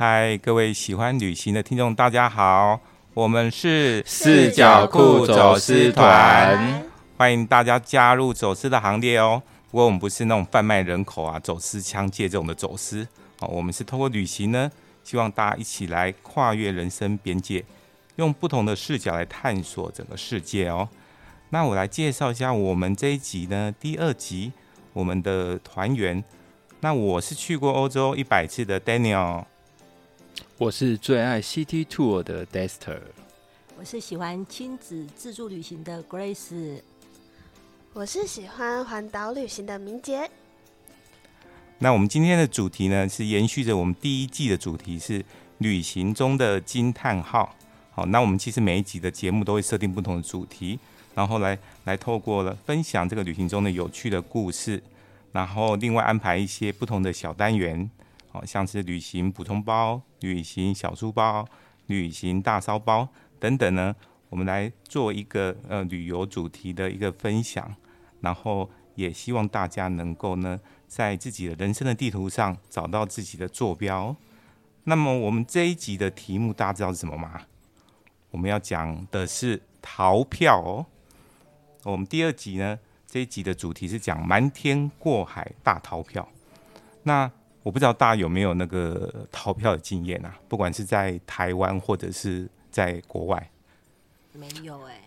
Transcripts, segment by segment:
嗨，Hi, 各位喜歡旅行的聽眾，大家好！我們是視角酷走私團，歡迎大家加入走私的行列哦。不過我們不是那種販賣人口啊、走私槍械這種的走私哦，我們是通過旅行呢，希望大家一起來跨越人生邊界，用不同的視角來探索整個世界哦。那我來介紹一下我們這一集呢，第二集我們的團員。那我是去過歐洲一百次的 Daniel。我是最愛 City Tour 的 Dexter。我是喜歡親子自助旅行的 Grace，我是喜歡環島旅行的明捷。那我們今天的主題呢，是延續着我們第一季的主題，是旅行中的驚嘆號。好，那我們其實每一集的節目都會設定不同的主題，然後來來透過了分享這個旅行中的有趣的故事，然後另外安排一些不同的小單元。像是旅行普通包、旅行小書包、旅行大燒包等等呢，我們來做一個呃旅遊主題的一個分享，然後也希望大家能夠呢，在自己的人生的地圖上找到自己的坐標哦。那麼我們這一集的題目大家知道是什麼嗎？我們要講的是逃票哦。我們第二集呢，這一集的主題是講瞞天過海大逃票。那我不知道大家有沒有那個逃票的經驗啊？不管是在台灣或者是在國外，沒有哎、欸，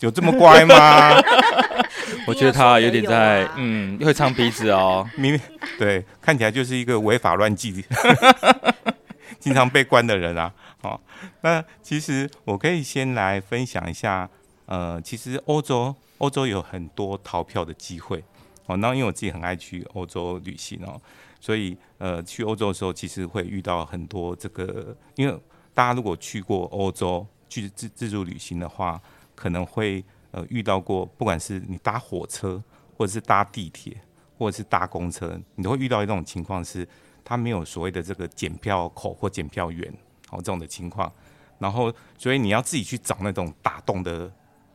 有這麼乖嗎？ 我覺得他有點在，啊、嗯，會唱鼻子哦。 明明對，看起來就是一個違法亂紀、 經常被關的人啊。好、哦，那其實我可以先來分享一下，呃，其實歐洲歐洲有很多逃票的機會哦。那因為我自己很愛去歐洲旅行哦。所以，呃，去歐洲的時候，其實會遇到很多這個，因為大家如果去過歐洲去自自助旅行的話，可能會呃，遇到過，不管是你搭火車，或者是搭地鐵，或者是搭公車，你都會遇到一種情況是，它沒有所謂的這個檢票口或檢票員哦，這種的情況。然後，所以你要自己去找那種打洞的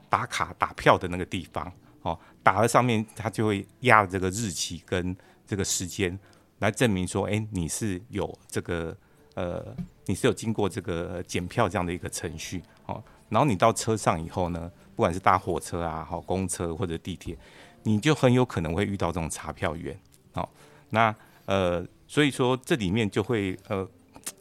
打卡打票的那個地方哦，打了上面，它就會壓這個日期跟這個時間。來證明說，哎、欸，你是有這個呃，你是有經過這個檢票這樣的一個程序。哦，然後你到車上以後呢，不管是搭火車啊，好，公車或者地鐵，你就很有可能會遇到這種查票員，哦，那呃，所以說這裡面就會呃，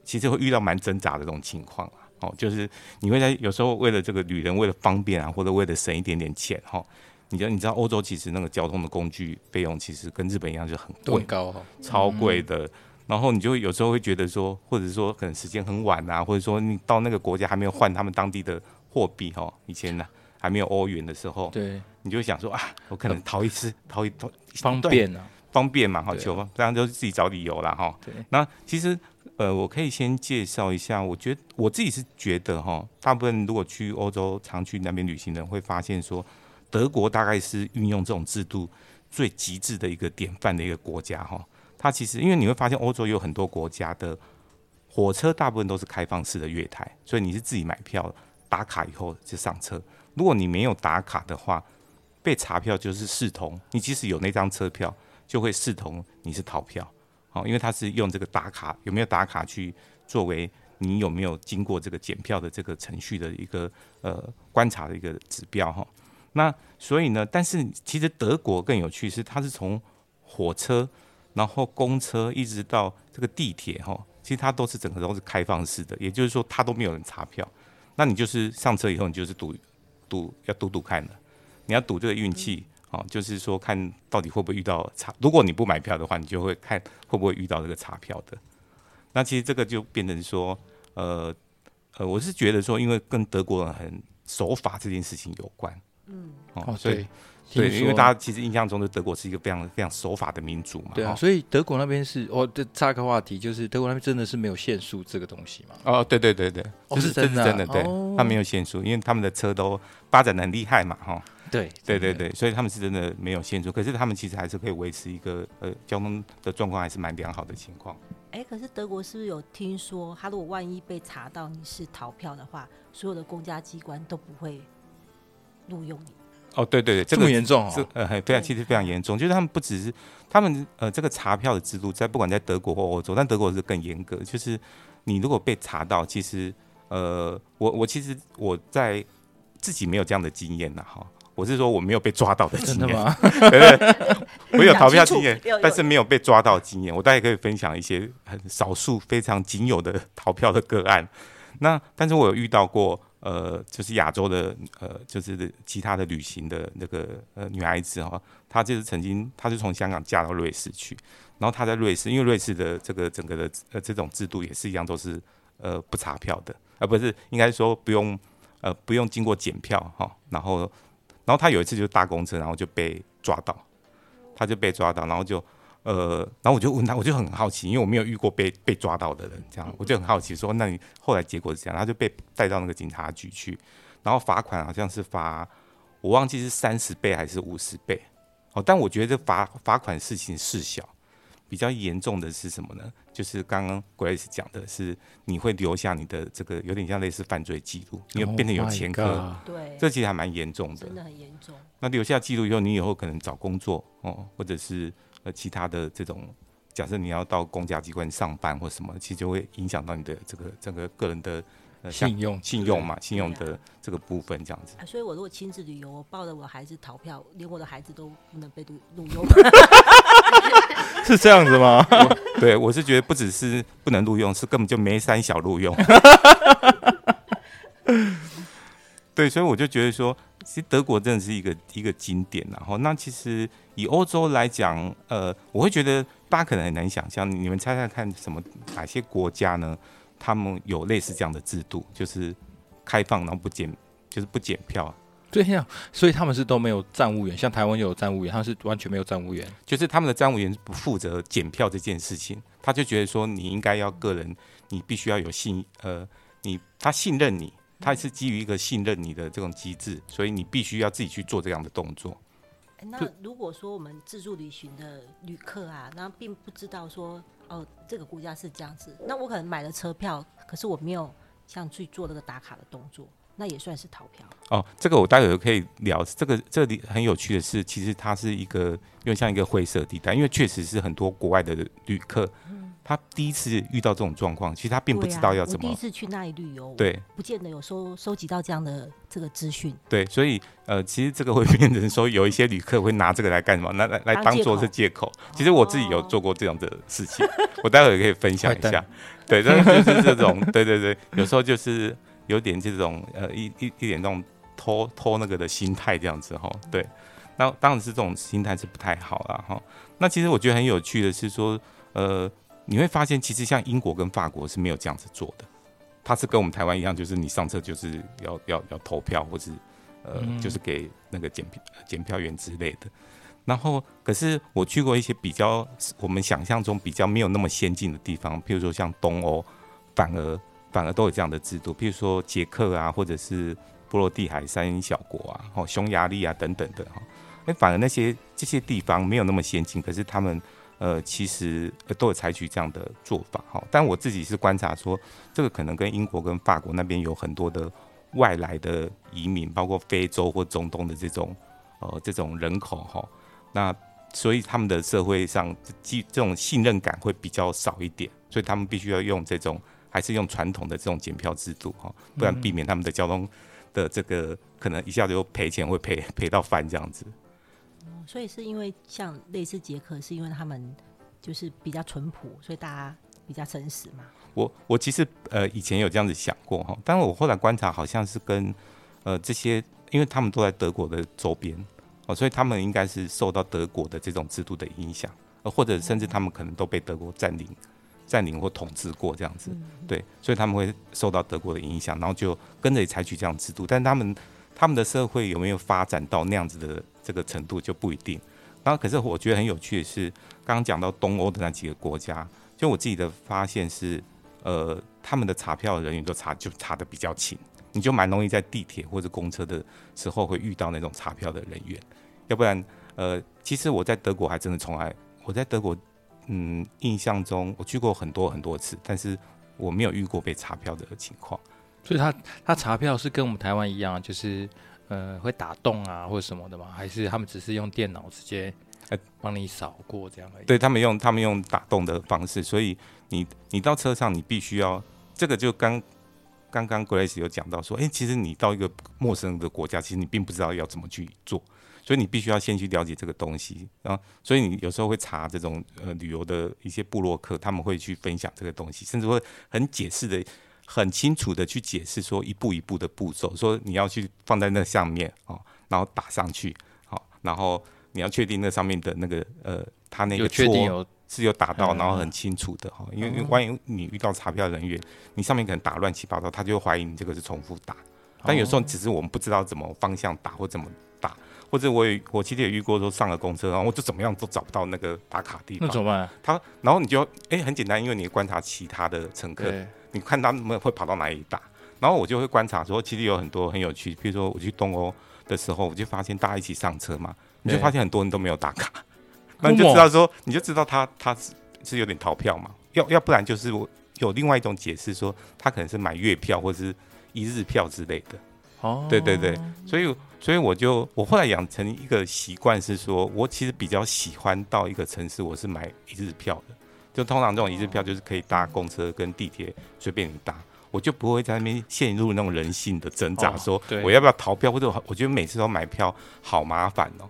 其實會遇到蠻掙扎的這種情況啊，哦，就是你會在有時候為了這個旅人為了方便啊，或者為了省一點點錢，哈、哦。你知你知道歐洲其實那個交通的工具費用其實跟日本一樣就很貴，高超貴的。然後你就會有時候會覺得說，或者說可能時間很晚啊，或者說你到那個國家還沒有換他們當地的貨幣哈。以前呢還沒有歐元的時候，對，你就會想說啊，我可能逃一次，逃一逃方便啊，方便嘛，好求，這樣就自己找理由了哈。對，那其實呃，我可以先介紹一下，我覺得我自己是覺得哈，大部分如果去歐洲常去那邊旅行的人會發現說。德國大概是運用這種制度最極致的一個典範的一個國家哈，它，其實因為你會發現歐洲有很多國家的火車大部分都是開放式的月台，所以你是自己買票打卡以後就上車。如果你沒有打卡的話，被查票就是視同你即使有那張車票，就會視同你是逃票。哦，因為它是用這個打卡有沒有打卡去作為你有沒有經過這個檢票的這個程序的一個呃觀察的一個指標哈。那所以呢？但是其實德國更有趣是，它是從火車，然後公車一直到這個地鐵，哈，其實它都是整個都是開放式的，也就是說，它都沒有人查票。那你就是上車以後，你就是賭賭要賭賭看的，你要賭這個運氣啊，嗯、就是說看到底會不會遇到查。如果你不買票的話，你就會看會不會遇到這個查票的。那其實這個就變成說，呃呃，我是覺得說，因為跟德國人很守法這件事情有關。嗯哦，對，聽說，對，因為大家其實印象中，的德國是一個非常非常守法的民族嘛，對、啊哦、所以德國那邊是，哦，對，插一個話題，就是德國那邊真的是沒有限速這個東西嘛？哦，對對對對，這、哦就是、是真的是真的，對，哦、他沒有限速，因為他們的車都發展的很厲害嘛，哈、哦，對對對對，對，所以他們是真的沒有限速，可是他們其實還是可以維持一個呃交通的狀況還是蠻良好的情況。哎，可是德國是不是有聽說，他如果萬一被查到你是逃票的話，所有的公家機關都不會？錄用你哦，對對對，這個這麼嚴重啊？哦，這呃，非常其實非常嚴重。對就是他們不只是他們呃，這個查票的制度，在不管在德國或歐洲，但德國是更嚴格。就是你如果被查到，其實呃，我我其實我在自己沒有這樣的經驗的哈、哦。我是說我沒有被抓到的經驗，對，我有逃票經驗， 但是沒有被抓到經驗。我大概可以分享一些很少數非常僅有的逃票的個案。那但是我有遇到過。呃，就是亞洲的呃，就是其他的旅行的那個呃女孩子哈，她就是曾經，她是從香港嫁到瑞士去，然後她在瑞士，因為瑞士的這個整個的呃這種制度也是一樣，都是呃不查票的，而不是，應該說不用呃不用經過檢票哈，然後然後她有一次就搭公車，然後就被抓到，她就被抓到，然後就。呃，然後我就問他，我就很好奇，因為我沒有遇過被被抓到的人，這樣我就很好奇說，說那你後來結果是這樣，他就被帶到那個警察局去，然後罰款好像是罰我忘記是三十倍還是五十倍，哦，但我覺得罰罰款事情事小，比較嚴重的是什麼呢？就是剛剛 Grace 講的是你會留下你的這個有點像類似犯罪記錄，因為變得有前科，對，Oh my God，這其實還蠻嚴重的，真的很嚴重。那留下記錄以後，你以後可能找工作哦，或者是。呃，其他的這種，假設你要到公家機關上班或什麼，其實就會影響到你的這個整個個人的、呃、信用信用嘛，對信用的這個部分這樣子。所以，我如果親自旅遊，我抱着我的孩子逃票，連我的孩子都不能被錄錄用，是這樣子嗎？我 對，我是覺得不只是不能錄用，是根本就沒三小路用。 對，所以我就覺得說。其實德國真的是一個一個景點、啊，然後那其實以歐洲來講，呃，我會覺得大家可能很難想象，你們猜猜看，什麼哪些國家呢？他們有類似這樣的制度，就是開放，然後不檢，就是不檢票。對呀、啊，所以他們是都沒有站務員，像台灣有站務員，他們是完全沒有站務員，就是他們的站務員是不負責檢票這件事情，他就覺得說你應該要個人，你必須要有信，呃，你他信任你。它是基於一個信任你的這種機制，所以你必須要自己去做這樣的動作、欸。那如果說我們自助旅行的旅客啊，那並不知道說哦，這個國家是這樣子，那我可能買了車票，可是我沒有像去做這個打卡的動作，那也算是逃票？哦，這個我待會可以聊。這個這裡很有趣的是，其實它是一個，因為像一個灰色地帶，因為確實是很多國外的旅客。他第一次遇到這種狀況，其實他並不知道要怎麼。啊、第一次去那裡旅遊，對，不見得有收收集到這樣的這個資訊。對，所以呃，其實這個會變成說，有一些旅客會拿這個來幹什麼？拿來來、啊、當做是借口。哦、其實我自己有做過這樣的事情，哦、我待會兒可以分享一下。哎、對，對就是這種， 對對對，有時候就是有點這種呃一一一點那種拖拖那個的心態這樣子哈。對，那當然是這種心態是不太好了哈。那其實我覺得很有趣的是說，呃。你會發現，其實像英國跟法國是沒有這樣子做的，它是跟我們台灣一樣，就是你上車就是要要要投票，或是呃，就是給那個檢檢票員之類的。然後，可是我去過一些比較我們想象中比較沒有那麼先進的地方，譬如說像東歐，反而反而都有這樣的制度，譬如說捷克啊，或者是波羅的海三小國啊，哦，匈牙利啊等等的哈。誒，反而那些這些地方沒有那麼先進，可是他們。呃，其實、呃、都有採取這樣的做法哈、哦，但我自己是觀察說，這個可能跟英國跟法國那邊有很多的外來的移民，包括非洲或中東的這種，呃，這種人口哈、哦，那所以他們的社會上這這種信任感會比較少一點，所以他們必須要用這種還是用傳統的這種檢票制度哈、哦，不然避免他們的交通的這個、嗯、可能一下子又賠錢會賠賠到翻這樣子。所以是因為像類似捷克，是因為他們就是比較淳樸，所以大家比較誠實嘛。我我其實呃以前有這樣子想過哈，但是我後來觀察好像是跟呃這些，因為他們都在德國的週邊哦，所以他們應該是受到德國的這種制度的影響，呃或者甚至他們可能都被德國佔領、佔領或統治過這樣子，對，所以他們會受到德國的影響，然後就跟着採取這樣制度。但他們他們的社會有沒有發展到那樣子的？這個程度就不一定。然後、啊，可是我覺得很有趣的是，剛剛講到東歐的那幾個國家，就我自己的發現是，呃，他們的查票的人員都查就查的比較勤，你就蠻容易在地鐵或者公車的時候會遇到那種查票的人員。要不然，呃，其實我在德國還真的從來我在德國，嗯，印象中我去過很多很多次，但是我沒有遇過被查票的情況。所以他，他他查票是跟我們台灣一樣，就是。呃，會打洞啊，或者什麼的嗎？還是他們只是用電腦直接，哎，幫你掃過這樣而已？呃、對，他們用，他們用打洞的方式，所以你，你到車上，你必須要這個就，就剛剛剛 Grace 有講到說，哎、欸，其實你到一個陌生的國家，其實你並不知道要怎麼去做，所以你必須要先去了解這個東西啊。然後，所以你有時候會查這種呃旅遊的一些部落客，他們會去分享這個東西，甚至會很解釋的。很清楚的去解釋說，一步一步的步驟，說你要去放在那上面然後打上去，好，然後你要確定那上面的那個呃，它那個確定是有打到，然後很清楚的哈、嗯嗯，因為因為萬一你遇到查票人員，你上面可能打亂七八糟，他就會懷疑你這個是重複打，但有時候只是我們不知道怎麼方向打或怎麼。或者我也我其實也遇過，說上了公車，然後我就怎麼樣都找不到那個打卡地方。那怎麼辦啊？他然後你就誒、欸、很簡單，因為你觀察其他的乘客，對你看他們會跑到哪裡打。然後我就會觀察說，其實有很多很有趣，比如說我去東歐的時候，我就發現大家一起上車嘛，對你就發現很多人都沒有打卡，那對你就知道說，你就知道他他是是有點逃票嘛。要要不然就是我有另外一種解釋，說他可能是買月票或者是一日票之類的。哦，對對對，所以所以我就我後來養成一個習慣是說，我其實比較喜歡到一個城市，我是買一日票的，就通常這種一日票就是可以搭公車跟地鐵隨便你搭，哦、我就不會在那邊陷入那種人性的掙扎，哦、說我要不要逃票對或者我覺得每次都買票好麻煩哦，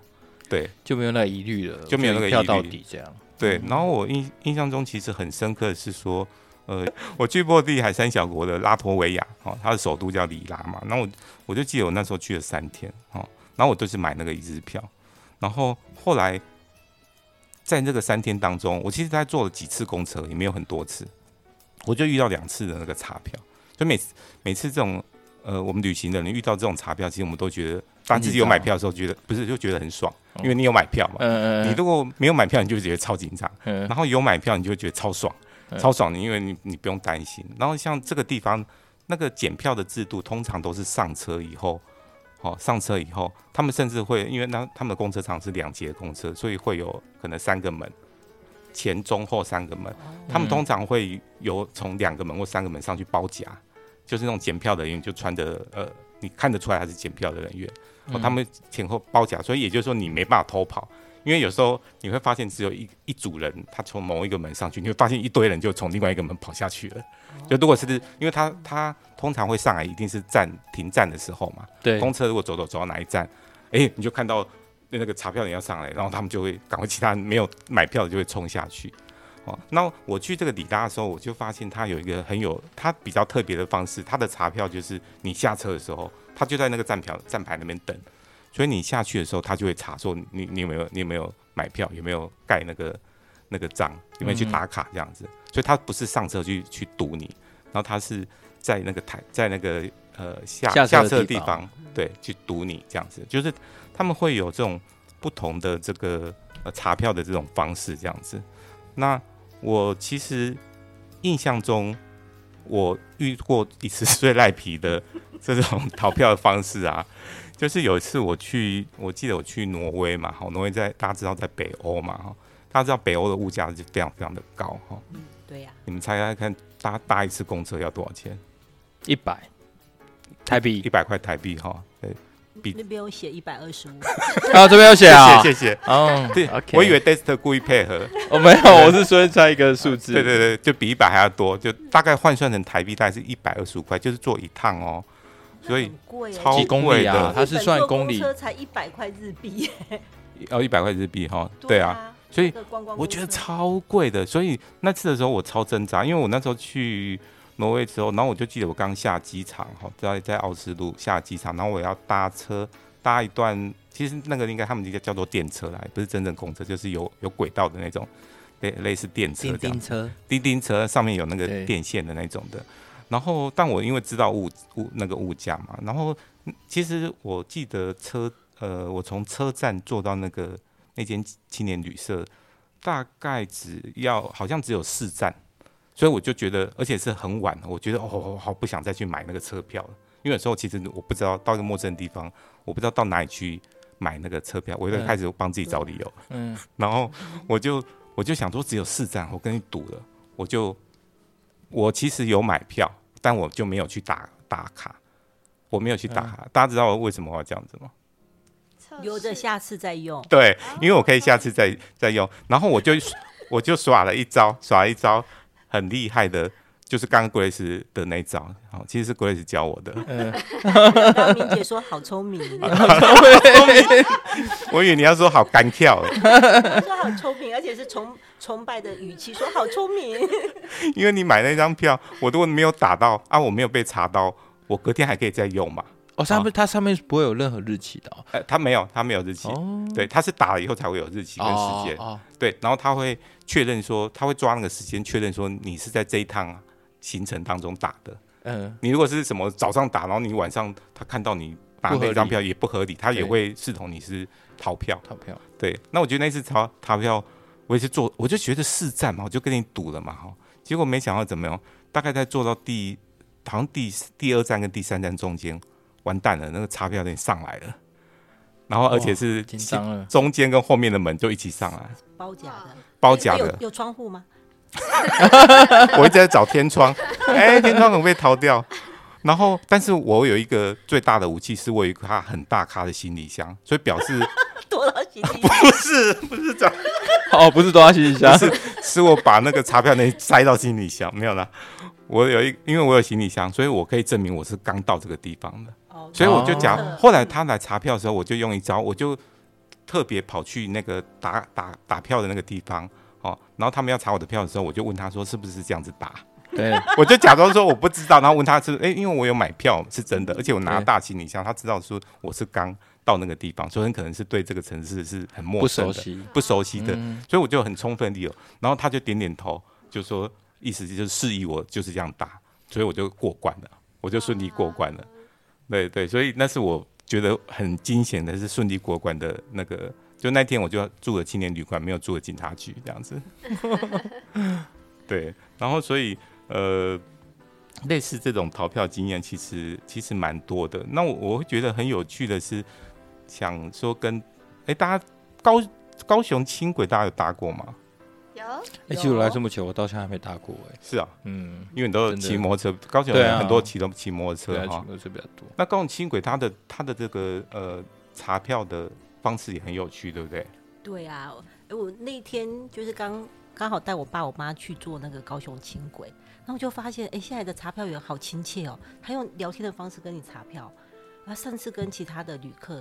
對，就沒有那疑慮了，就沒有那個疑慮票到底這樣，對。嗯、然後我印印象中其實很深刻的是說，呃，我去過波的海三小國的拉脫維亞哦，它的首都叫里拉嘛，那我。我就記得我那時候去了三天，哦、然後我都是買那個一日票，然後後來在那個三天當中，我其實大概坐了幾次公車，也沒有很多次，我就遇到兩次的那個查票。就每次每次這種呃，我們旅行的人遇到這種查票，其實我們都覺得，當自己有買票的時候，覺得、嗯、不是就覺得很爽，因為你有買票嘛。嗯嗯。你如果沒有買票，你就覺得超緊張。嗯、然後有買票，你就覺得超爽，嗯、超爽的，因為你你不用擔心。然後像這個地方。那個檢票的制度通常都是上車以後，好、哦、上車以後，他們甚至會因為那他們的公車廠是兩節公車，所以會有可能三個門，前中後三個門，嗯、他們通常會有從兩個門或三個門上去包夾，就是那種檢票的人員就穿的呃，你看得出來還是檢票的人員、哦，他們前後包夾，所以也就是說你沒辦法偷跑。因為有時候你會發現，只有一一組人，他從某一個門上去，你會發現一堆人就從另外一個門跑下去了。就如果是，因為他他通常會上來，一定是站停站的時候嘛。對，公車如果走走走到哪一站，哎，你就看到那個查票人，要上來，然後他們就會趕快。其他沒有買票的就會衝下去。哦，那我去這個里達的時候，我就發現他有一個很有他比較特別的方式，他的查票就是你下車的時候，他就在那個站票站牌那邊等。所以你下去的時候，他就會查說，你你有沒有你有沒有買票，有沒有蓋那個那個章，有沒有去打卡這樣子。嗯、哼所以他不是上車去去堵你，然後他是在那個台在那個呃下下車的地方，地方對，去堵你這樣子。就是他們會有這種不同的這個、呃、查票的這種方式這樣子。那我其實印象中，我遇過一次最賴皮的這種 逃票的方式啊。就是有一次我去，我記得我去挪威嘛，好，挪威在大家知道在北歐嘛，哈，大家知道北歐的物價是非常非常的高，哈，嗯，對呀、啊，你們猜猜看，搭搭一次公車要多少錢？一百台幣，一百塊台幣，哈，對，比那邊有寫一百二十五， 啊，這邊有寫啊、哦，謝謝，嗯，oh, okay. 對，我以為 Dexter 故意配合，我、oh, 沒有，吧我是隨便猜一個數字，oh, 對對對，就比一百還要多，就大概換算成台幣大概是一百二十五塊，就是坐一趟哦。所以、欸、超公里啊，它是算公里。車才一百塊日幣，哦一百塊日幣哈。對啊，所以我覺得超貴的。所以那次的時候我超掙扎，因為我那時候去挪威之後，然後我就記得我剛下機場哈，在在奧斯陸下機場，然後我，我，然後我要搭車搭一段，其實那個應該他們應該叫做電車啦，不是真正公車，就是有有軌道的那種，類類似電車。電車。叮叮車上面有那個電線的那種的。然後，但我因為知道物物那個物價嘛，然後其實我記得車呃，我從車站坐到那個那間青年旅社，大概只要好像只有四站，所以我就覺得，而且是很晚，我覺得哦，我好不想再去買那個車票了。因為有時候其實我不知道到一個陌生的地方，我不知道到哪裡去買那個車票，我就開始幫自己找理由。嗯，然後我就我就想說只有四站，我跟你賭了，我就我其實有買票。但我就沒有去打打卡，我沒有去打卡。大家知道我為什麼要這樣子嗎？留着下次再用。對，因為我可以下次再再用。然後我就我就耍了一招，耍了一招很厲害的，就是剛剛 Grace 的那招。好，其實是 Grace 教我的。明姐說好聰明，我以為你要說好干跳。說好聰明，而且是從。崇拜的語氣說：“好聰明， 因為你買那張票，我如果沒有打到啊，我沒有被查到，我隔天還可以再用嘛？哦，上面、啊、它上面是不會有任何日期的、哦，哎、呃，它沒有，它沒有日期，哦、對，它是打了以後才會有日期跟時間，哦哦哦、對，然後他會確認說，他會抓那個時間確認說你是在這一趟行程當中打的，嗯，你如果是什麼早上打，然後你晚上他看到你打那張票也不合理，他也會視同你是逃票，對逃票，對，那我覺得那次逃逃票。”我也是坐，我就覺得四站嘛，我就跟你賭了嘛哈，結果沒想到怎麼樣？大概在坐到第，好像第第二站跟第三站中間，完蛋了，那個查票得上來了，然後而且是、哦、了中間跟後面的門就一起上來，包夾的、啊、的，包夾的，有窗戶嗎？ 我一直在找天窗，哎、欸，天窗怎麼被逃掉。然後，但是我有一個最大的武器，是我有一個他很大咖的行李箱，所以表示躲到行李箱，不是不是這樣哦，不是躲到行李箱，啊、是是我把那個查票那些塞到行李箱 沒有啦。我有一，因為我有行李箱，所以我可以證明我是剛到這個地方的。Oh, okay. 所以我就講，oh. 後來他來查票的時候，我就用一招，我就特別跑去那個打打打票的那個地方哦，然後他們要查我的票的時候，我就問他說是不是這樣子打。對， 我就假裝說我不知道，然後問他是哎、欸，因為我有買票，是真的，而且我拿大行李箱，對他知道說我是剛到那個地方，所以很可能是對這個城市是很陌生的，不熟,不熟悉的。嗯、所以我就很充分的理由，然後他就點點頭，就說意思就是示意我就是這樣打，所以我就過關了，我就順利過關了。啊、對,對對，所以那是我覺得很驚險的是順利過關的那個，就那天我就住了青年旅館，沒有住了警察局這樣子。 對，然後所以。呃，類似這種逃票經驗，其實其實蠻多的。那我我會覺得很有趣的，是想說跟哎，大家高高雄輕軌大家有搭過嗎？有。哎，其實我來這麼久，我到現在還沒搭過哎。是啊，嗯，因為你都有騎摩托車，真的。高雄很多騎的騎摩托車哈，啊，騎摩托車比較多。那高雄輕軌它的它的這個呃查票的方式也很有趣，對不對？對啊。哎，我那天就是剛剛好帶我爸我媽去坐那個高雄輕軌。然後就發現，哎、欸，現在的查票員好親切哦、喔，他用聊天的方式跟你查票。他上次跟其他的旅客，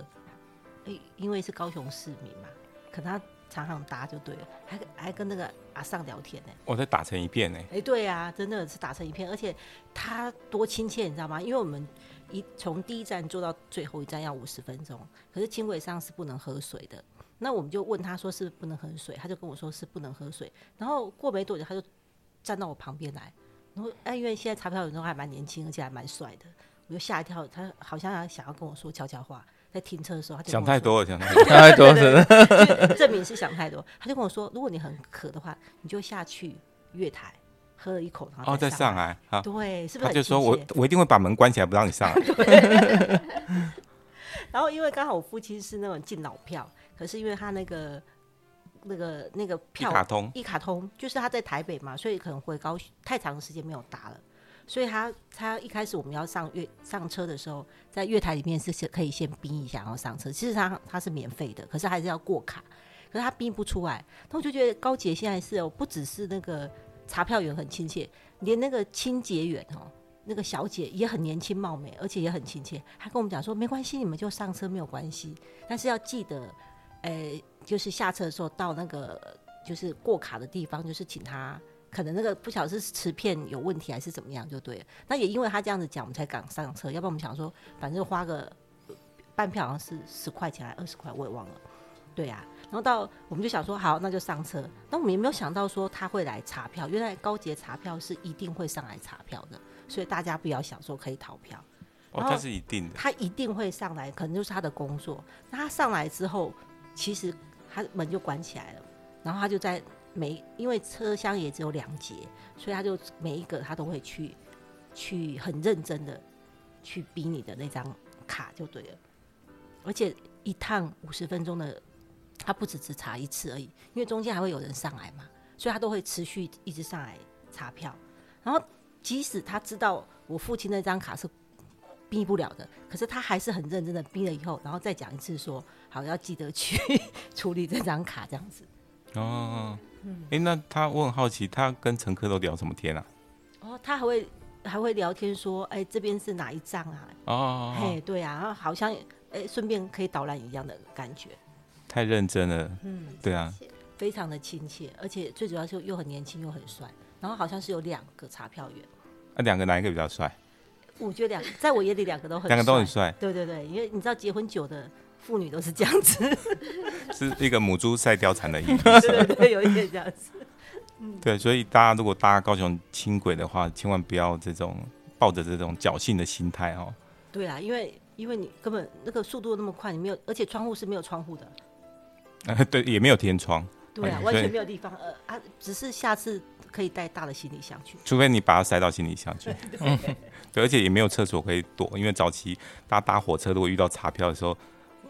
哎、欸，因為是高雄市民嘛，可能他常常搭就對了，還還跟那個阿桑聊天呢、欸。我在、哦、打成一片呢、欸。哎、欸，對呀、啊，真的是打成一片，而且他多親切，你知道嗎？因為我們一從第一站坐到最後一站要五十分鐘，可是輕軌上是不能喝水的。那我們就問他，說是不，是不能喝水，他就跟我說是不能喝水。然後過沒多久，他就站到我旁邊來。哎、啊，因為現在查票的時候還蠻年輕，而且還蠻帥的，我就嚇一跳。他好像想要跟我說悄悄話，在停車的時候，他就想太多了，想太多，想太多， 證明是想太多。他就跟我說， 如果你很渴的話，你就下去月台喝了一口，然後再上海、哦、在上來。啊、對，是不是？他就說我我一定會把門關起來不讓你上來。 對 然後因為剛好我父親是那種敬老票，可是因為他那個。那個那個票一卡通，一卡通就是他在台北嘛，所以可能回高雄太長時間沒有搭了，所以他他一開始我們要上月上車的時候，在月台裡面是可以先冰一下，然後上車。其實他他是免費的，可是還是要過卡，可是他冰不出來，那我就覺得高捷現在是不只是那個查票員很親切，連那個清潔員哦、喔，那個小姐也很年輕貌美，而且也很親切。他跟我們講說，沒關係，你們就上車沒有關係，但是要記得。哎，就是下車的時候到那個就是過卡的地方，就是請他可能那個不曉得是磁片有問題還是怎麼樣就對。那也因為他這樣子講，我們才敢上車，要不然我們想說反正花個半票好像是十塊錢還是二十塊，我也忘了。對啊，然後到我們就想說好，那就上車。那我們也沒有想到說他會來查票，因為高捷查票是一定會上來查票的，所以大家不要想說可以逃票。哦，那是一定的，他一定會上來，可能就是他的工作。那他上來之後。其實他門就關起來了，然後他就在每，因為車廂也只有兩節，所以他就每一個他都會去，去很認真的去逼你的那張卡就對了，而且一趟五十分鐘的，他不止只查一次而已，因為中間還會有人上來嘛，所以他都會持續一直上來查票，然後即使他知道我父親那張卡是逼不了的，可是他還是很認真的逼了以後，然後再講一次說。好，要記得去 處理這張卡，這樣子哦，哦，哦。嗯，哎，那他我很好奇，他跟乘客都聊什麼天啊？哦，他還會還會聊天說，哎、欸，這邊是哪一張啊？哦，哦，哦，哦，嘿，對啊，然後好像哎，順、欸、便可以導覽一樣的感覺。太認真了，嗯，對啊，切非常的親切，而且最主要是又很年輕又很帥。然後好像是有兩個查票員，啊，兩個哪一個比較帥？我覺得兩，在我眼裡兩個都很帥，兩 個都很帥。對對對，因為你知道結婚久的。婦女都是這樣子， 是一個母豬賽貂蟬的意思。 對有一這樣子，嗯、對，所以大家如果搭高雄輕軌的話，千萬不要這種抱着這種僥倖的心態哦。對啊，因為因為你根本那個速度那麼快，你沒有，而且窗戶是沒有窗戶的、呃，對，也沒有天窗，對啊，以完全沒有地方呃啊，只是下次可以帶大的行李箱去，除非你把它塞到行李箱去 對、嗯，對，而且也沒有廁所可以躲，因為早期大家搭火車如果遇到查票的時候。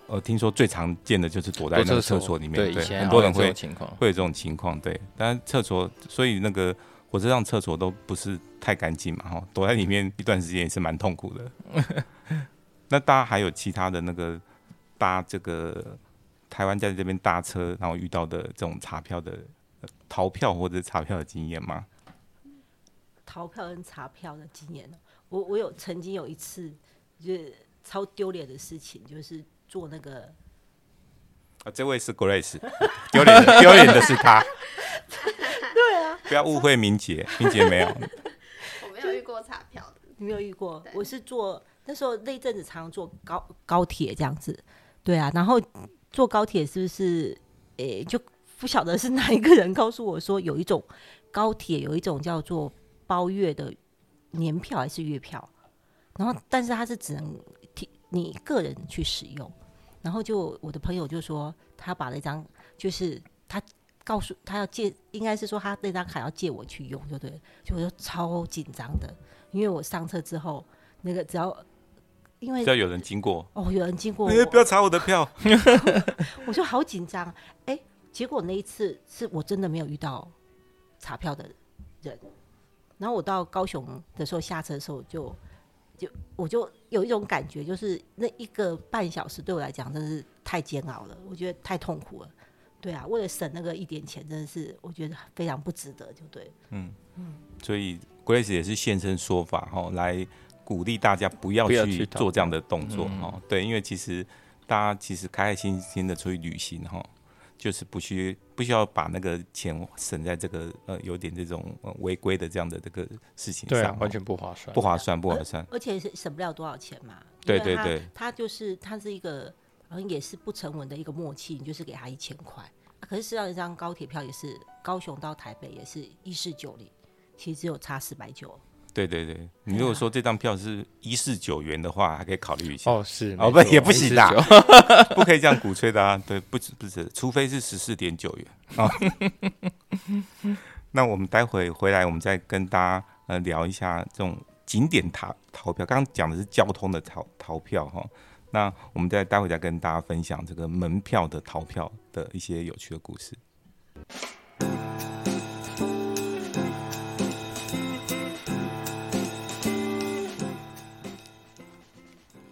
我聽說最常見的就是躲在那個廁所裡面，對，很多人會有情況，會有這種情況，對。但廁所，所以那個火車上廁所都不是太乾淨嘛，哈，躲在裡面一段時間也是蠻痛苦的。嗯、 那大家還有其他的那個搭這個台灣在這邊搭車，然後遇到的這種查票的、逃票或者是查票的經驗嗎？逃票跟查票的經驗，我我有曾經有一次就是超丟臉的事情，就是。做那個啊，這位是 Grace，丟臉丟臉的是他。 對啊，不要誤會明捷，明捷 沒有。我沒有遇過查票。你沒有遇過。對 我是坐那時候那陣子常、常坐高高鐵這樣子，對啊。然後坐高鐵是不是？哎、欸，就不曉得是哪一個人告訴我說，有一種高鐵有一種叫做包月的年票還是月票？然後，但是他是只能。你個人去使用，然後就我的朋友就說他把那張就是他告訴他要借，應該是說他那張卡要借我去用，就對，就我說超緊張的，因為我上車之後那個只要因為只要有人經過哦，有人經過，你不要查我的票， 我說好緊張，哎、欸，結果那一次是我真的沒有遇到查票的人，然後我到高雄的時候下車的時候就。就我就有一種感覺，就是那一個半小時對我來講真是太煎熬了，我覺得太痛苦了。對啊，為了省那個一點錢，真的是我覺得非常不值得，就對。嗯嗯，所以 Grace 也是現身說法哈、哦，來鼓勵大家不要去做這樣的動作哈、嗯哦。對，因為其實大家其實開開心心的出去旅行哈。哦就是不需不需要把那個錢省在這個呃有點這種違規、呃、的這樣的這個事情上，對，完全不划算，不划算，這樣不划算，嗯、不划算，而且是省不了多少錢嘛。對對對，他就是他是一個好像、呃、也是不成文的一個默契，就是給他一千塊、啊。可是實際上一張高鐵票也是高雄到台北也是一四九零，其實只有差四百九。對對對，你如果說這張票是一四九元的話，還可以考慮一下。哦，是，哦不，也不行啦，一四九不可以這樣鼓吹的啊。對，不不不止，除非是十四點九元。哦、 那我們待會回來，我們再跟大家呃聊一下這種景點逃逃票。剛剛講的是交通的逃票哈、哦，那我們再待會再跟大家分享這個門票的逃票的一些有趣的故事。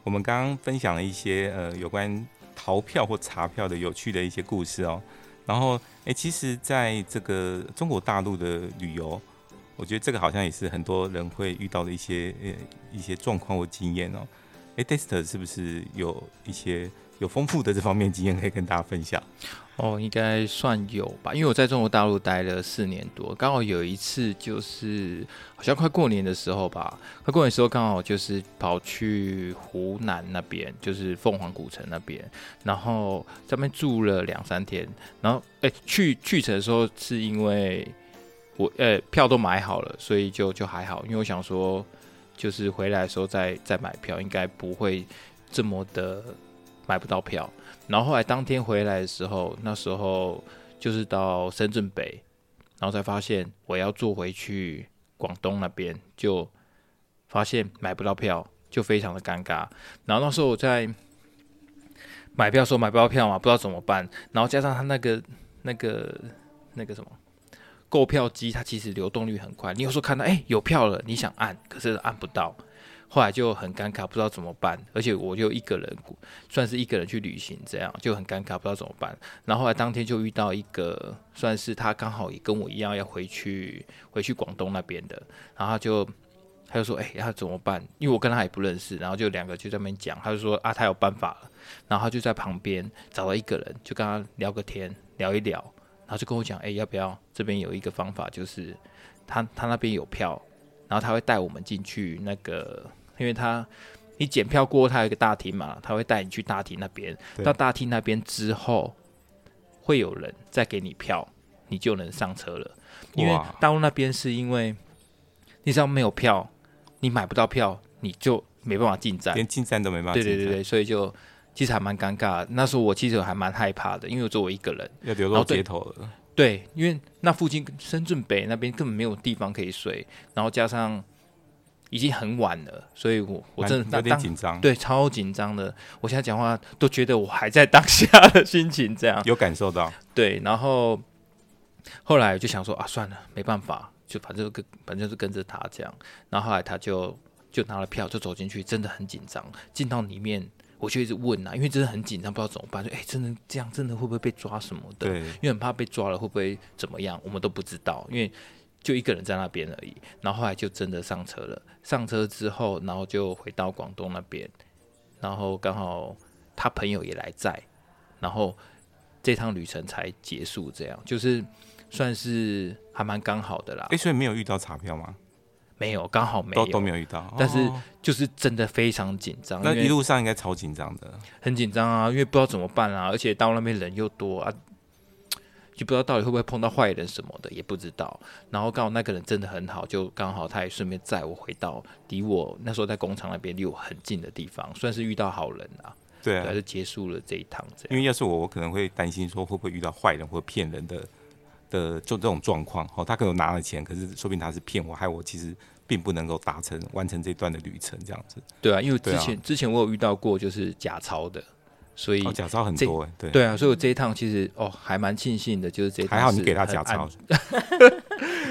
我們剛剛分享了一些呃有關逃票或查票的有趣的一些故事哦，然後誒，其實在這個中國大陸的旅遊，我覺得這個好像也是很多人會遇到的一些呃一些狀況或經驗哦。哎，Dexter 是不是有一些？有豐富的這方面經驗可以跟大家分享哦。應該算有吧，因為我在中國大陸待了四年多，剛好有一次就是好像快過年的時候吧，快過年的時候剛好就是跑去湖南那邊，就是鳳凰古城那邊，然後在那邊住了兩三天。然後哎、欸，去去程的時候是因為我誒、欸，票都買好了，所以就就還好。因為我想說，就是回來的時候再再買票，應該不會這麼的。買不到票，然後後來當天回來的時候，那時候就是到深圳北，然後才發現我要坐回去廣東那邊，就發現買不到票，就非常的尷尬。然後那時候我在買票時候買不到票嘛，不知道怎麼辦。然後加上他那個那個那個什麼購票機，它其實流動率很快，你有時候看到哎，欸，有票了，你想按，可是按不到。後來就很尷尬，不知道怎麼辦，而且我就一個人，算是一個人去旅行，這樣就很尷尬，不知道怎麼辦。然後，後來當天就遇到一個，算是他剛好也跟我一樣要回去，回去廣東那邊的。然後他就他就說：“欸，要怎麼辦？”因為我跟他也不認識，然後就兩個就在那邊講。他就說：“啊，他有辦法了。”然後就在旁邊找到一個人，就跟他聊個天，聊一聊，然後就跟我講：“欸，要不要？這邊有一個方法，就是他他那邊有票，然後他會帶我們進去那個。”因為他，你檢票過，他有一個大廳嘛，他會帶你去大廳那邊。對到大廳那邊之後，會有人再給你票，你就能上車了。因為大陸那邊是因為，哇你知道沒有票，你買不到票，你就沒辦法進站，連進站都沒辦法進站。對對對對，所以就其實還蠻尷尬的。那時候我其實還蠻害怕的，因為我作為一個人要流落街頭了，對。對，因為那附近深圳北那邊根本沒有地方可以睡，然後加上。已經很晚了，所以我我真的有點緊張、啊，對，超緊張的。我現在講話都覺得我還在當下的心情這樣，有感受到。對，然後後來我就想說啊，算了，沒辦法，就反正跟，反正就是跟着他這樣。然後後來他就就拿了票，就走進去，真的很緊張。進到裡面，我就一直問啊，因為真的很緊張，不知道怎麼辦。就哎、欸，真的這樣，真的會不會被抓什麼的？對，因為很怕被抓了，會不會怎麼樣？我們都不知道，因為。就一個人在那邊而已，然後後來就真的上車了。上車之後，然後就回到廣東那邊，然後剛好他朋友也來載，然後這趟旅程才結束。這樣就是算是還蠻剛好的啦。哎，所以沒有遇到查票嗎？沒有，剛好沒有，都都沒有遇到。哦，但是就是真的非常緊張。那一路上應該超緊張的。很緊張啊，因為不知道怎麼辦啊，而且到那邊人又多啊。就不知道到底會不會碰到壞人什麼的，也不知道。然後剛好那個人真的很好，就剛好他也順便載我回到離我那時候在工廠那邊離我很近的地方，算是遇到好人啊。對啊，對，還是結束了這一趟這樣。因為要是我，我可能會擔心說會不會遇到壞人或騙人的的，就這種狀況。哦，他可能拿了錢，可是說不定他是騙我，害我其實並不能夠達成完成這段的旅程這樣子。對啊，因為之前、對啊、之前我有遇到過就是假鈔的。所以假鈔很多哎，對對啊，所以我這一趟其實哦還蠻慶幸的，就是這一趟還好你給他假鈔，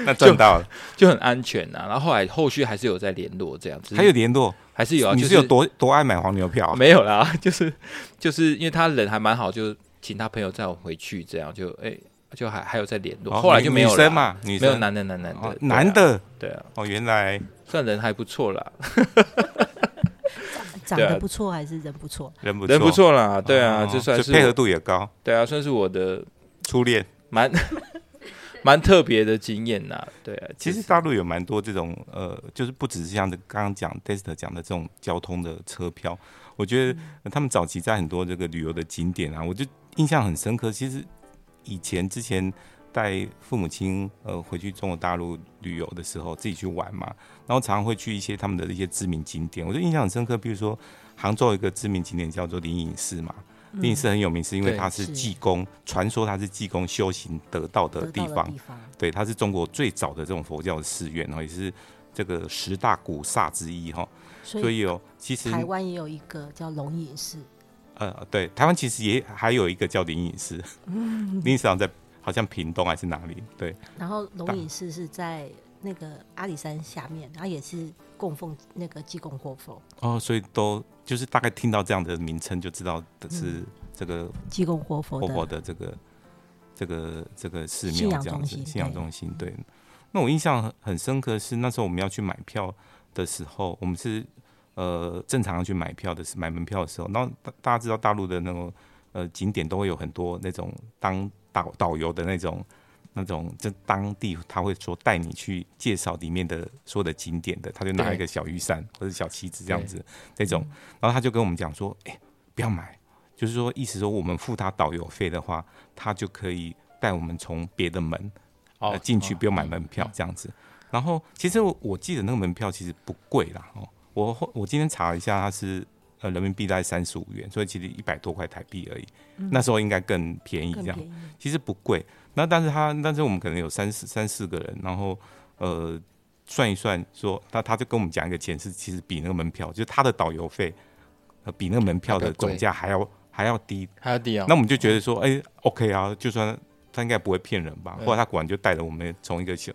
那賺到了就很安全吶。然後後來後續還是有在聯絡這樣子，還有聯絡還是有啊。你是有多多愛買黃牛票？沒有啦，就是就是因為他人還蠻好，就請他朋友帶我回去，這樣就哎就還還有在聯絡。後來就沒有。女生嘛，女生，沒有男的，男男的男的，對啊，哦原來算人還不錯啦。長得不錯還是人不錯，人不錯人不錯啦，對啊，嗯哦、就算是配合度也高，對啊，算是我的初戀，蠻 蠻特別的經驗吶，對啊。其實大陸有蠻多這種呃，就是不只是像剛剛講 Dexter 講的這種交通的車票，我覺得他們早期在很多這個旅遊的景點啊，我就印象很深刻。其實以前之前。帶父母親呃回去中國大陸旅遊的時候，自己去玩嘛，然後常常會去一些他們的一些知名景點。我就印象很深刻，比如說杭州有一個知名景點叫做靈隱寺嘛，靈隱寺、嗯、靈隱寺很有名，是因為它是濟公，傳說它是濟公修行得道的地方。地方對，它是中國最早的這種佛教寺院，然後也是這個十大古剎之一哈。所以哦，其實台灣也有一個叫龍隱寺。呃，對，台灣其實也還有一個叫靈隱寺，嗯、靈隱寺長在。好像屏東還是哪裡？對。然後龍隱寺是在那個阿里山下面，它也是供奉那個濟公活佛。哦，所以都就是大概聽到這樣的名稱，就知道的是這個濟公活佛的這個這個這個，這個，這個寺廟這樣的信仰中心。對。那我印象很很深刻的是，那時候我們要去買票的時候，我們是呃正常要去買票的是買門票的時候，那大大家知道大陸的那種呃景點都會有很多那種當。導導遊的那種，那種就當地他會說帶你去介紹裡面的所有的景點的，他就拿一個小雨傘或者小旗子這樣子那對種，然後他就跟我們講說，哎、欸，不要買，就是說意思說我們付他導遊費的話，他就可以帶我們從別的門進、哦、去，不用買門票這樣子。哦嗯、然後其實我我記得那個門票其實不貴啦，我我今天查了一下，它是。呃，人民幣大概三十五元，所以其實一百多塊台幣而已。嗯、那時候應該更，更便宜，這樣其實不貴。那但是他，但是我們可能有三四三四個人，然後呃算一算說，說他他就跟我們講一個錢是其實比那個門票，就是他的導遊費，呃比那個門票的總價還要還要低，還要低啊、哦。那我們就覺得說，哎、欸、OK 啊，就算他應該不會騙人吧。嗯、後來他果然就帶着我們從一個小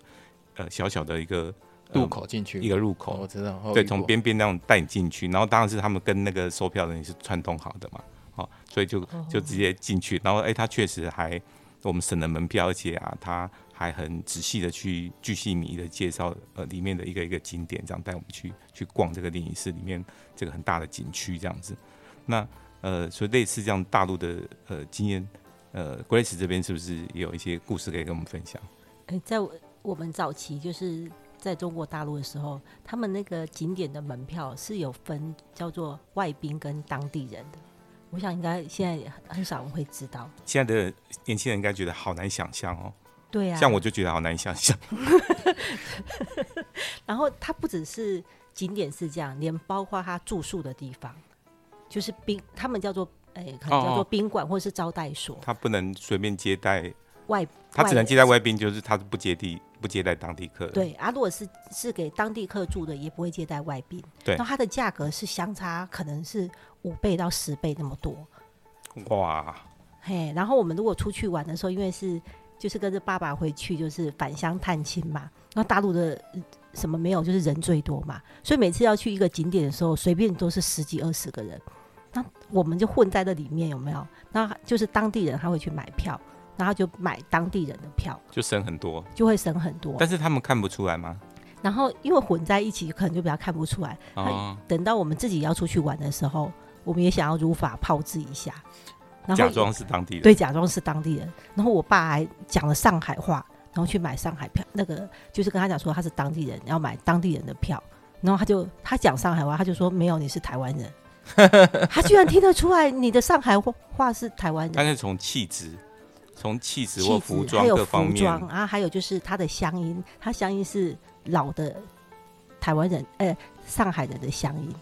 呃小小的一個入口進去、呃、一個入口，嗯、我知道。對，從邊邊那種帶你進去，然後當然是他們跟那個收票人也是串通好的嘛，哦，所以就就直接進去。然後，哎、欸，他確實還我們省的門票，而且啊，他還很仔細的去巨細靡的介紹，呃，裡面的一個一個景點，這樣帶我們去去逛這個靈隱寺裡面這個很大的景區這樣子。那呃，所以類似這樣大陸的呃經驗，呃，呃，Grace 這邊是不是也有一些故事可以跟我們分享？在我我們早期就是。在中國大陸的時候，他們那個景點的門票是有分叫做外賓跟當地人的。我想應該現在很少人會知道。現在的年輕人應該覺得好難想象哦。對呀、啊。像我就覺得好難想象。 然後他不只是景點是這樣，連包括他住宿的地方，就是賓，他們叫做哎、欸，可能叫做賓館或者是招待所，哦哦，他不能隨便接待外，外，他只能接待外賓，就是他是不接待。不接待當地客人。對，對啊，如果是是給當地客住的，也不會接待外賓。對，那它的價格是相差可能是五倍到十倍那麼多。哇！嘿，然後我們如果出去玩的時候，因為是就是跟着爸爸回去，就是返鄉探親嘛。那大陸的、呃、什麼沒有，就是人最多嘛，所以每次要去一個景點的時候，隨便都是十幾二十個人，那我們就混在那裡面，有沒有？那就是當地人他會去買票。然後就買當地人的票，就省很多，就會省很多。但是他們看不出來嗎？然後因為混在一起，可能就比較看不出來。哦哦，他等到我們自己要出去玩的時候，我們也想要如法炮制一下，然後假裝是當地人，對，假裝是當地人。然後我爸還講了上海話，然後去買上海票，那個就是跟他講說他是當地人，要買當地人的票。然後他就他講上海話，他就說沒有，你是台灣人。 他居然聽得出來你的上海話是台灣人，但是從氣質。從氣質或服裝，還有服裝啊，還有就是他的鄉音，他鄉音是老的台灣人，呃，上海人的鄉音。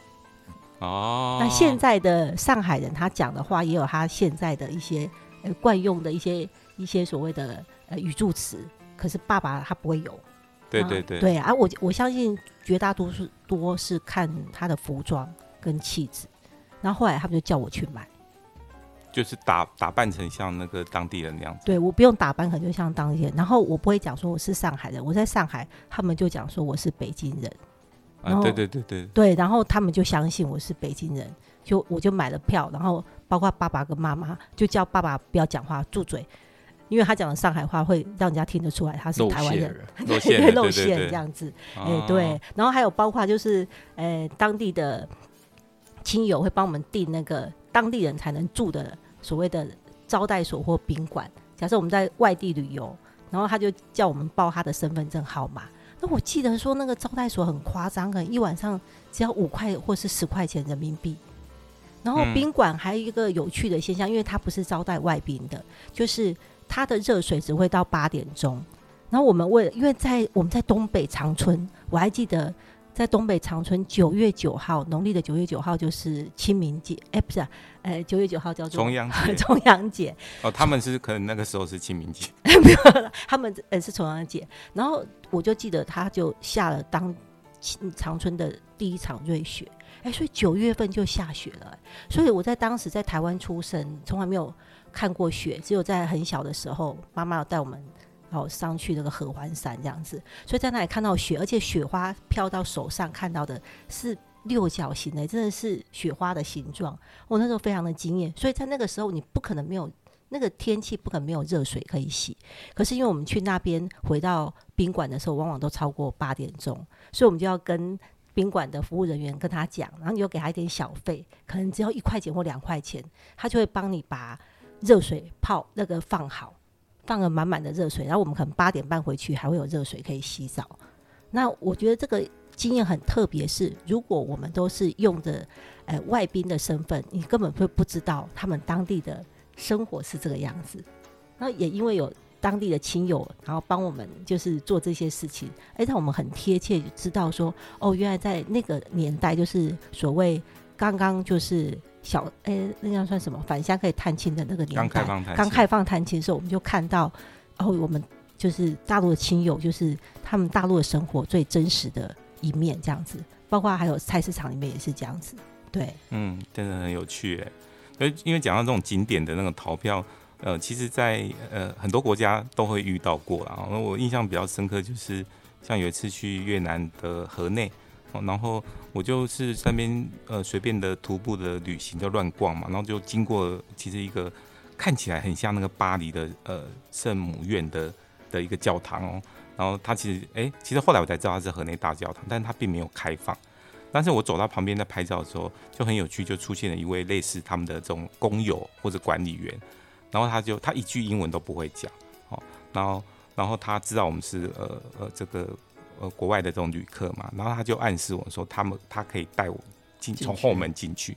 哦。那、啊、現在的上海人，他講的話也有他現在的一些呃慣用的一些一些所謂的呃語助詞，可是爸爸他不會有。對對對、啊。對啊，我我相信絕大多數多是看他的服裝跟氣質，然後後來他們就叫我去買。就是打打扮成像那個當地人那樣子。對，我不用打扮，可能就像當地人。然後我不會講說我是上海人，我在上海，他們就講說我是北京人。啊，對對對對。對，然後他們就相信我是北京人。就我就買了票，然後包括爸爸跟媽媽，就叫爸爸不要講話，住嘴，因為他講的上海話會讓人家聽得出來他是台灣人，會露餡這樣子。哎，啊，對。然後還有包括就是，呃，當地的親友會幫我們訂那個當地人才能住的。所謂的招待所或賓館，假設我們在外地旅遊，然後他就叫我們報他的身份證號碼。那我記得說那個招待所很誇張，可能一晚上只要五塊或是十塊錢人民幣。然後賓館還有一個有趣的現象，因為它不是招待外賓的，就是它的熱水只會到八點鐘。然後我們為了因為在我們在東北長春，我還記得。在東北長春，九月九號，農曆的九月九號就是清明節，哎、欸，不是、啊，哎、欸，九月九號叫做重陽節。重陽節哦，他們是可能那個時候是清明節， 他們是重陽節。然後我就記得，他就下了當長長春的第一場瑞雪，哎、欸，所以九月份就下雪了，欸。所以我在當時在台灣出生，從來沒有看過雪，只有在很小的時候，媽媽有帶我們。然後上去那個合歡山這樣子，所以在那裡看到雪，而且雪花飄到手上看到的是六角形的，真的是雪花的形狀。我那時候非常的驚艷，所以在那個時候你不可能沒有那個天氣，不可能沒有熱水可以洗。可是因為我們去那邊回到賓館的時候，往往都超過八點鐘，所以我們就要跟賓館的服務人員跟他講，然後你就給他一點小費，可能只要一塊錢或兩塊錢，他就會幫你把熱水泡那個放好。放了滿滿的熱水，然後我們可能八點半回去，還會有熱水可以洗澡。那我覺得這個經驗很特別，是如果我們都是用着呃外賓的身份，你根本會不知道他們當地的生活是這個樣子。那也因為有當地的親友，然後幫我們就是做這些事情，哎、欸，讓我們很貼切知道說，哦，原來在那個年代就是所謂剛剛就是。小哎、欸，那樣算什麼？返鄉可以探親的那個年代，剛開放探剛開放探親的時候，我們就看到，哦，我們就是大陸的親友，就是他們大陸的生活最真實的一面，這樣子，包括還有菜市場裡面也是這樣子，對，嗯，真的很有趣哎。因為講到這種景點的那個逃票，呃，其實在，在呃很多國家都會遇到過。然後我印象比較深刻，就是像有一次去越南的河內。然後我就是在那邊呃隨便的徒步的旅行，就亂逛嘛，然後就經過其實一個看起來很像那個巴黎的呃聖母院的的一個教堂哦，然後他其實哎，其實後來我才知道他是河內大教堂，但是他並沒有開放。但是我走到旁邊在拍照的時候就很有趣，就出現了一位類似他們的這種工友或者管理員，然後他就他一句英文都不會講，哦，然後然後他知道我們是呃呃這個。呃，國外的這種旅客嘛，然後他就暗示我說，他們他可以帶我進從後門進去，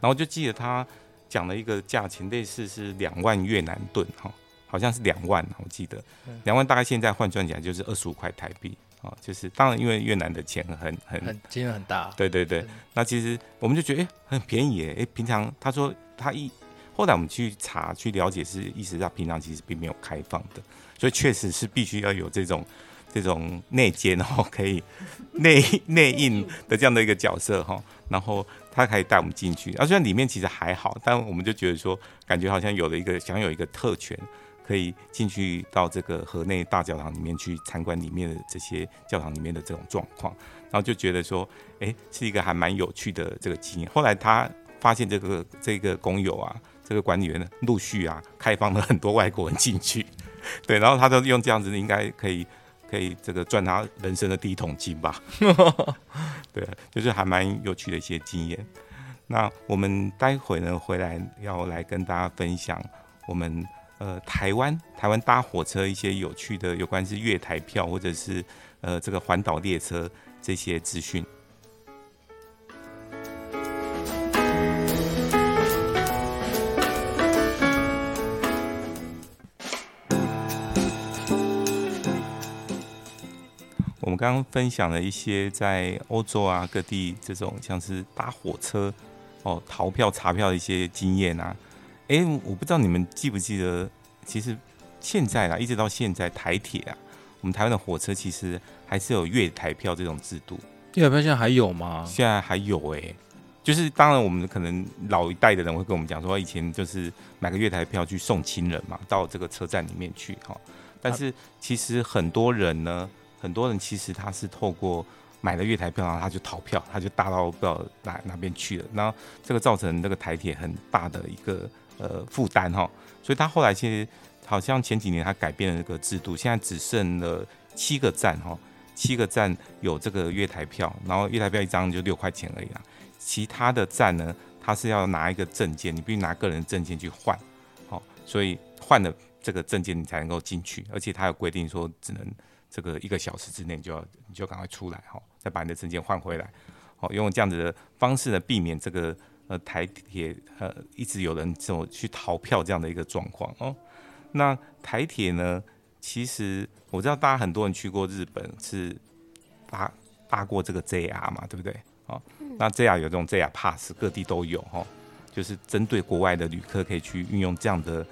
然後就記得他講了一個價錢，類似是兩萬越南盾哈，好像是兩萬，我記得兩萬大概現在換算起來就是二十五塊台幣啊，就是當然因為越南的錢很很很金額很大，對對對，對，那其實我們就覺得哎、欸、很便宜哎，哎平常他說他一後來我們去查去了解是意識到平常其實並沒有開放的，所以確實是必須要有這種。這種內奸哦，可以內內應的這樣的一個角色哈、喔，然後他可以帶我們進去。啊，雖然裡面其實還好，但我們就覺得說，感覺好像有了一個，享有一個特權，可以進去到這個河內大教堂裡面去參觀裡面的這些教堂裡面的這種狀況，然後就覺得說，哎、欸，是一個還蠻有趣的這個經驗。後來他發現這個這個工友啊，這個管理員呢陸續啊，開放了很多外國人進去，對，然後他就用這樣子應該可以。可以這個賺他人生的第一桶金吧， 對，就是還蠻有趣的一些經驗。那我們待會呢回來要來跟大家分享我們呃台灣台灣搭火車一些有趣的有關是月台票或者是呃這個環島列車這些資訊。我剛剛分享了一些在歐洲啊各地這種像是搭火車哦，逃票查票的一些經驗啊，哎，我不知道你們記不記得，其實現在啦，一直到現在台鐵啊，我們台灣的火車其實還是有月台票這種制度。月台票現在還有嗎？現在還有哎，就是當然我們可能老一代的人會跟我們講說，以前就是買個月台票去送親人嘛，到這個車站裡面去哈。但是其實很多人呢。很多人其實他是透過買了月台票，然後他就逃票，他就搭到不知道哪哪邊去了。然後這個造成那個台鐵很大的一個呃負擔哈、哦。所以他後來其實好像前幾年他改變了這個制度，現在只剩了七個站哈、哦，七個站有這個月台票，然後月台票一張就六塊錢而已啦。其他的站呢，他是要拿一個證件，你必須拿個人證件去換，好、哦，所以換了這個證件你才能夠進去，而且他有規定說只能。這個一個小時之內，你就要你就趕快出來哈，再把你的證件換回來，哦。用這樣子的方式呢，避免這個呃台鐵呃一直有人這種去逃票這樣的一個狀況哦。那台鐵呢，其實我知道大家很多人去過日本是搭搭過這個 JR 嘛，對不對？哦，那 JR 有這種 JR Pass，各地都有哦，就是針對國外的旅客可以去運用這樣的。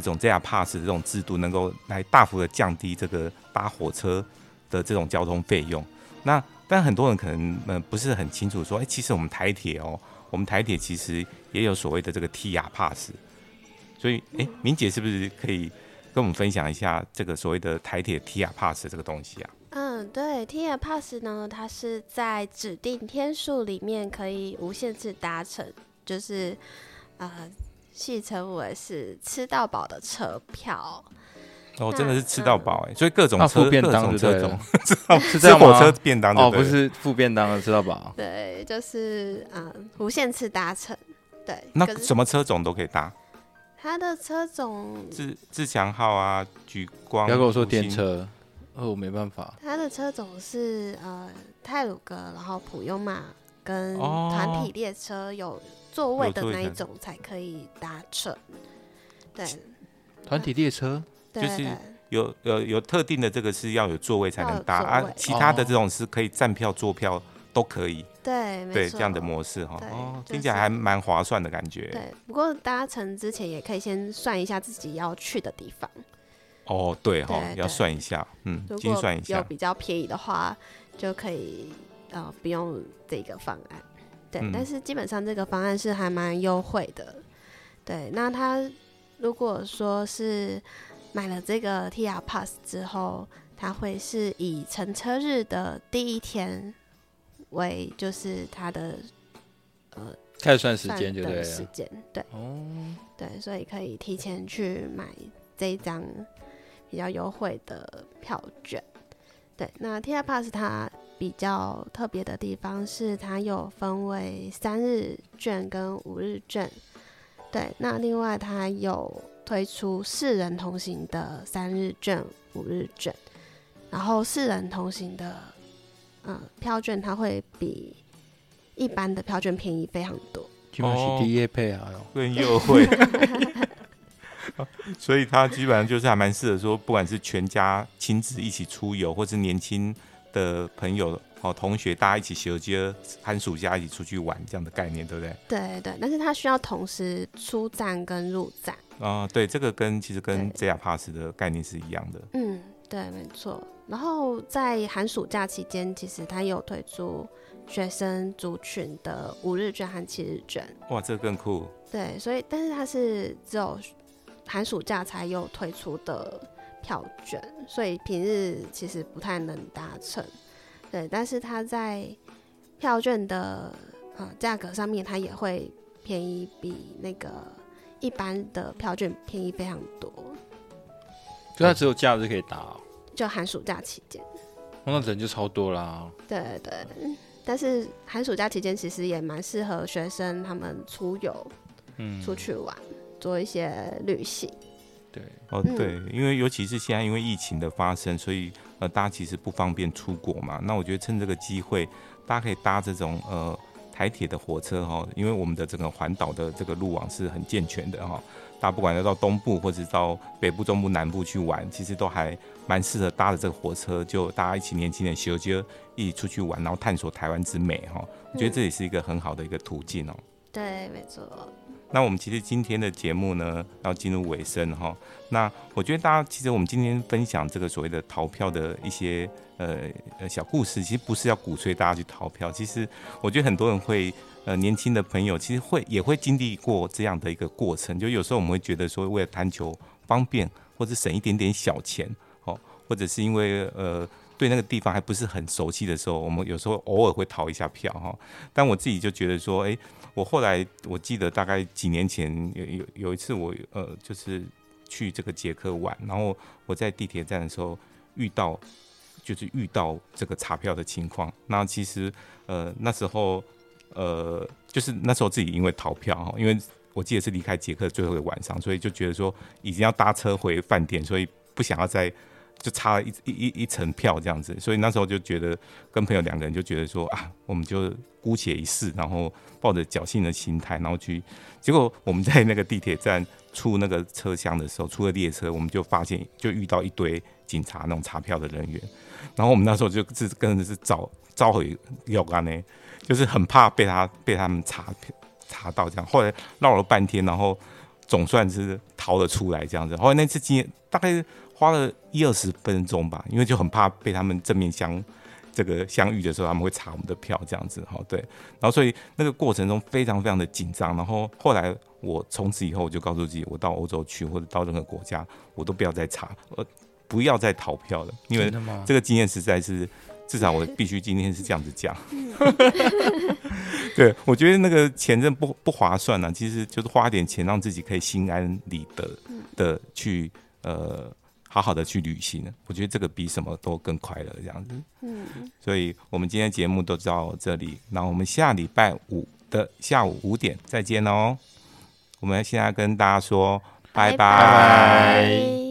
這種 TR Pass 這種制度能夠來大幅的降低這個搭火車的這種交通費用。那但很多人可能嗯、呃、不是很清楚說，說、欸、哎，其實我們台鐵哦、喔，我們台鐵其實也有所謂的這個 TR Pass。所以，哎、欸，明捷是不是可以跟我們分享一下這個所謂的台鐵 TR Pass 這個東西啊？嗯，對 TR Pass 呢，它是在指定天數裡面可以無限次搭乘，就是啊。呃戲稱為是吃到飽的車票，哦，真的是吃到飽哎，所以各種車，各種車種，知道吃在火車便當哦，不是副便當，吃到飽。對，就是嗯，無限次搭乘。對，那什麼車種都可以搭？他的車種自自強號啊，莒光，不要跟我說電車，哦，我沒辦法。他的車種是呃，太魯閣，然後普悠瑪跟團體列車有，座位的那一種才可以搭乘，對，團體列車，對，就是有呃有特定的這個是要有座位才能搭啊，其他的這種是可以站票坐票都可以，對，沒錯，這樣的模式哈，聽起來還蠻划算的感覺。對，不過搭乘之前也可以先算一下自己要去的地方。哦，對哈，要算一下，嗯，精算一下要比較便宜的話，就可以啊，不用這個方案。對，但是基本上這個方案是還蠻優惠的。嗯、對，那他如果說是買了這個 T R Pass 之後，他會是以乘車日的第一天為就是他的呃，開始算時間對，時間，對，哦、嗯，對，所以可以提前去買這一張比較優惠的票券。對，那 T R Pass 它比較特別的地方是，它有分為三日券跟五日券，對。那另外它有推出四人同行的三日券、五日券，然後四人同行的、嗯、票券，它會比一般的票券便宜非常多。哦，更優惠。所以它基本上就是還蠻適合說，不管是全家親子一起出遊，或是年輕。的朋友哦，同學，大家一起銜接寒暑假一起出去玩這樣的概念，對不對？對對，但是它需要同時出站跟入站啊、哦。對，這個跟其實跟 JR Pass 的概念是一樣的。嗯，對，沒錯。然後在寒暑假期間，其實它也有推出學生族群的五日券和七日券。哇，這個更酷。對，所以但是它是只有寒暑假才有推出的。票券，所以平日其實不太能搭乘。對，但是它在票券的呃價、啊、格上面，它也會便宜，比那個一般的票券便宜非常多。就它只有假日可以搭、哦嗯，就寒暑假期間。哇、哦，那人就超多啦、啊！對對、對，但是寒暑假期間其實也蠻適合學生他們出遊，出去玩，嗯、做一些旅行。對，因為、哦、尤其是現在因為疫情的發生，所以呃，大家其實不方便出國嘛。那我覺得趁這個機會，大家可以搭這種呃台鐵的火車哈、哦，因為我們的整個環島的這個路網是很健全的哈、哦。大家不管要到東部、或者是到北部、中部、南部去玩，其實都還蠻適合搭着這個火車，就大家一起年輕點、自由一起出去玩，然後探索台灣之美哈、哦。我、嗯、覺得這也是一個很好的一個途徑哦。對，沒錯。那我們其實今天的節目呢，要進入尾聲哈。那我覺得大家，其實我們今天分享這個所謂的逃票的一些，呃呃小故事，其實不是要鼓吹大家去逃票。其實我覺得很多人會呃，年輕的朋友其實會也會經歷過這樣的一個過程。就有時候我們會覺得說，為了貪求方便或者省一點點小錢哦，或者是因為呃。對那個地方還不是很熟悉的時候，我們有時候偶爾會逃一下票哈。但我自己就覺得說，哎、欸，我後來我記得大概幾年前有有有一次我呃就是去這個捷克玩，然後我在地鐵站的時候遇到就是遇到這個查票的情況。那其實呃那時候呃就是那時候自己因為逃票哈，因為我記得是離開捷克最後一個晚上，所以就覺得說已經要搭車回飯店，所以不想要再。就差了一一一一層票這樣子，所以那時候就覺得跟朋友兩個人就覺得說啊，我們就姑且一試，然後抱着僥倖的心態，然後去。結果我們在那個地鐵站出那個車廂的時候，出了列車，我們就發現就遇到一堆警察那種查票的人員，然後我們那時候就是跟著是找召回要幹嘞，就是很怕被他被他們查查到這樣。後來鬧了半天，然後總算是逃了出來這樣子。後來那次經驗大概是。花了一二十分鐘吧，因為就很怕被他們正面相這個相遇的時候，他們會查我們的票，這樣子哈，對。然後所以那個過程中非常非常的緊張。然後後來我從此以後，我就告訴自己，我到歐洲去或者到任何國家，我都不要再查，呃，不要再逃票了，因為這個經驗實在是，至少我必須今天是這樣子講。 對，我覺得那個錢真不不划算呢、啊，其實就是花點錢讓自己可以心安理得的去呃。好好的去旅行，我覺得這個比什麼都更快樂。這樣子，嗯，所以我們今天節目都到這裡，那我們下禮拜五的下午五點再見哦。我們現在跟大家說，拜拜。拜拜